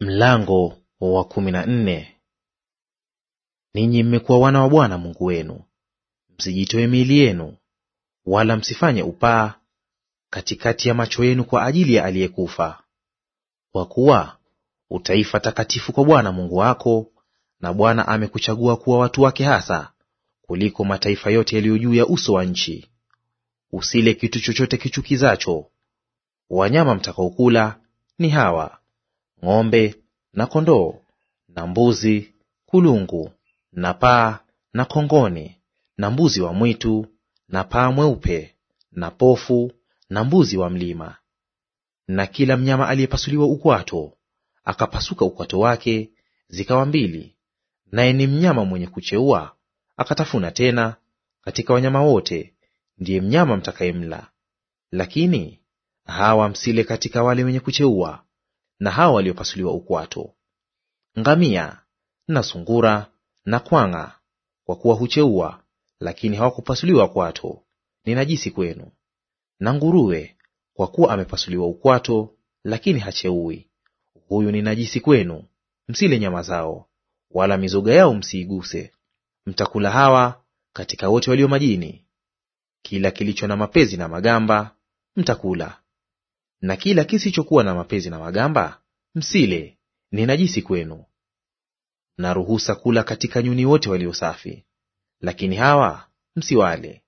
Mlango wa kumi na nne. Ninyi mmekuwa wana wa Bwana Mungu wenu, msijitoe miili yenu, wala msifanye upaa katikati ya macho yenu kwa ajili ya aliyekufa, kwa kuwa utaifa takatifu kwa Bwana Mungu wako, na Bwana amekuchagua kuwa watu wake hasa kuliko mataifa yote yaliyo juu ya uso wa nchi. Usile kitu chochote kichukizacho. Wanyama mtakaokula ni hawa ng'ombe na kondoo na mbuzi, kulungu na paa na kongoni na mbuzi wa mwitu na paa mweupe na pofu na mbuzi wa mlima. Na kila mnyama aliyepasuliwa ukwato akapasuka ukwato wake, zikawa mbili, naye ni mnyama mwenye kucheua akatafuna tena; katika wanyama wote ndiye mnyama mtakayemla. Lakini hawa msile katika wale wenye kucheua, na hawa waliopasuliwa ukwato, ngamia na sungura na kwang'a, kwa kuwa hucheua, lakini hawakupasuliwa kwato ni najisi kwenu; na nguruwe, kwa kuwa amepasuliwa ukwato, lakini hacheui, huyu ni najisi kwenu; msile nyama zao, wala mizoga yao msiiguse. Mtakula hawa katika wote walio majini; kila kilicho na mapezi na magamba mtakula na kila kisichokuwa na mapezi na magamba msile; ni najisi kwenu. Na ruhusa kula katika nyuni wote walio safi, lakini hawa msiwale: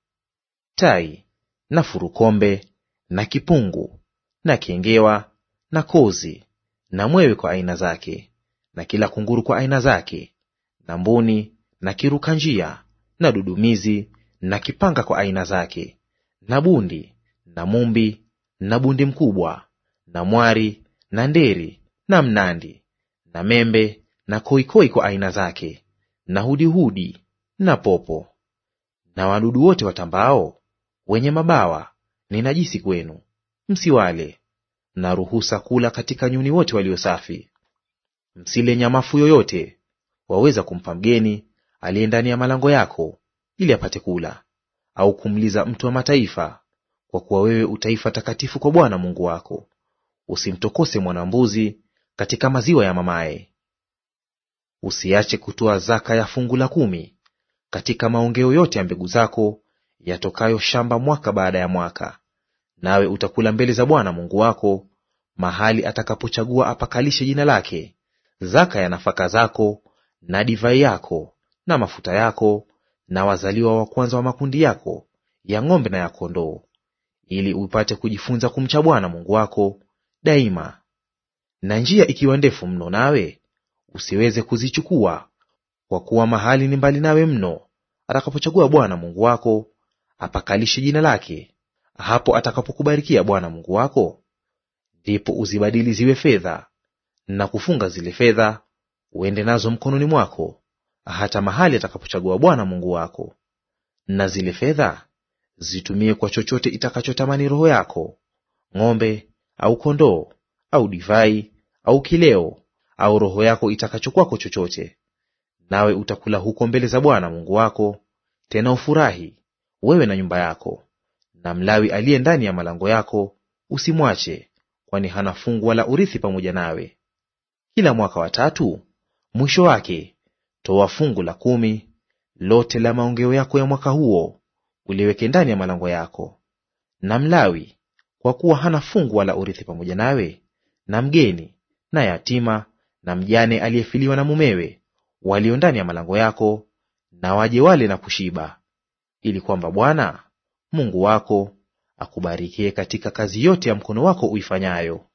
tai na furukombe na kipungu na kengewa na kozi na mwewe kwa aina zake na kila kunguru kwa aina zake na mbuni na kiruka njia na dudumizi na kipanga kwa aina zake na bundi na mumbi na bundi mkubwa na mwari na nderi na mnandi na membe na koikoi kwa aina zake na hudihudi na popo na wadudu wote watambao wenye mabawa ni najisi kwenu, msiwale. Na ruhusa kula katika nyuni wote walio safi. Msile nyamafu yoyote; waweza kumpa mgeni aliye ndani ya malango yako ili apate kula, au kumliza mtu wa mataifa kwa kuwa wewe utaifa takatifu kwa Bwana Mungu wako. Usimtokose mwana-mbuzi katika maziwa ya mamaye. Usiache kutoa zaka ya fungu la kumi katika maongeo yote ya mbegu zako yatokayo shamba mwaka baada ya mwaka, nawe utakula mbele za Bwana Mungu wako mahali atakapochagua apakalishe jina lake, zaka ya nafaka zako na divai yako na mafuta yako na wazaliwa wa kwanza wa makundi yako ya ng'ombe na ya kondoo ili upate kujifunza kumcha Bwana Mungu wako daima. Na njia ikiwa ndefu mno, nawe usiweze kuzichukua, kwa kuwa mahali ni mbali nawe mno, atakapochagua Bwana Mungu wako apakalishe jina lake, hapo atakapokubarikia Bwana Mungu wako, ndipo uzibadili ziwe fedha na kufunga zile fedha uende nazo mkononi mwako hata mahali atakapochagua Bwana Mungu wako. Na zile fedha Zitumie kwa chochote itakachotamani roho yako, ng'ombe au kondoo au divai au kileo au roho yako itakachokwako chochote. Nawe utakula huko mbele za Bwana Mungu wako, tena ufurahi wewe na nyumba yako. Na Mlawi aliye ndani ya malango yako usimwache, kwani hana fungu wala urithi pamoja nawe. Kila mwaka wa tatu mwisho wake toa fungu la kumi lote la maongeo yako ya mwaka huo uliweke ndani ya malango yako. Na Mlawi, kwa kuwa hana fungu wala urithi pamoja nawe, na mgeni na yatima na mjane aliyefiliwa na mumewe, walio ndani ya malango yako, na waje wale na kushiba, ili kwamba Bwana Mungu wako akubarikie katika kazi yote ya mkono wako uifanyayo.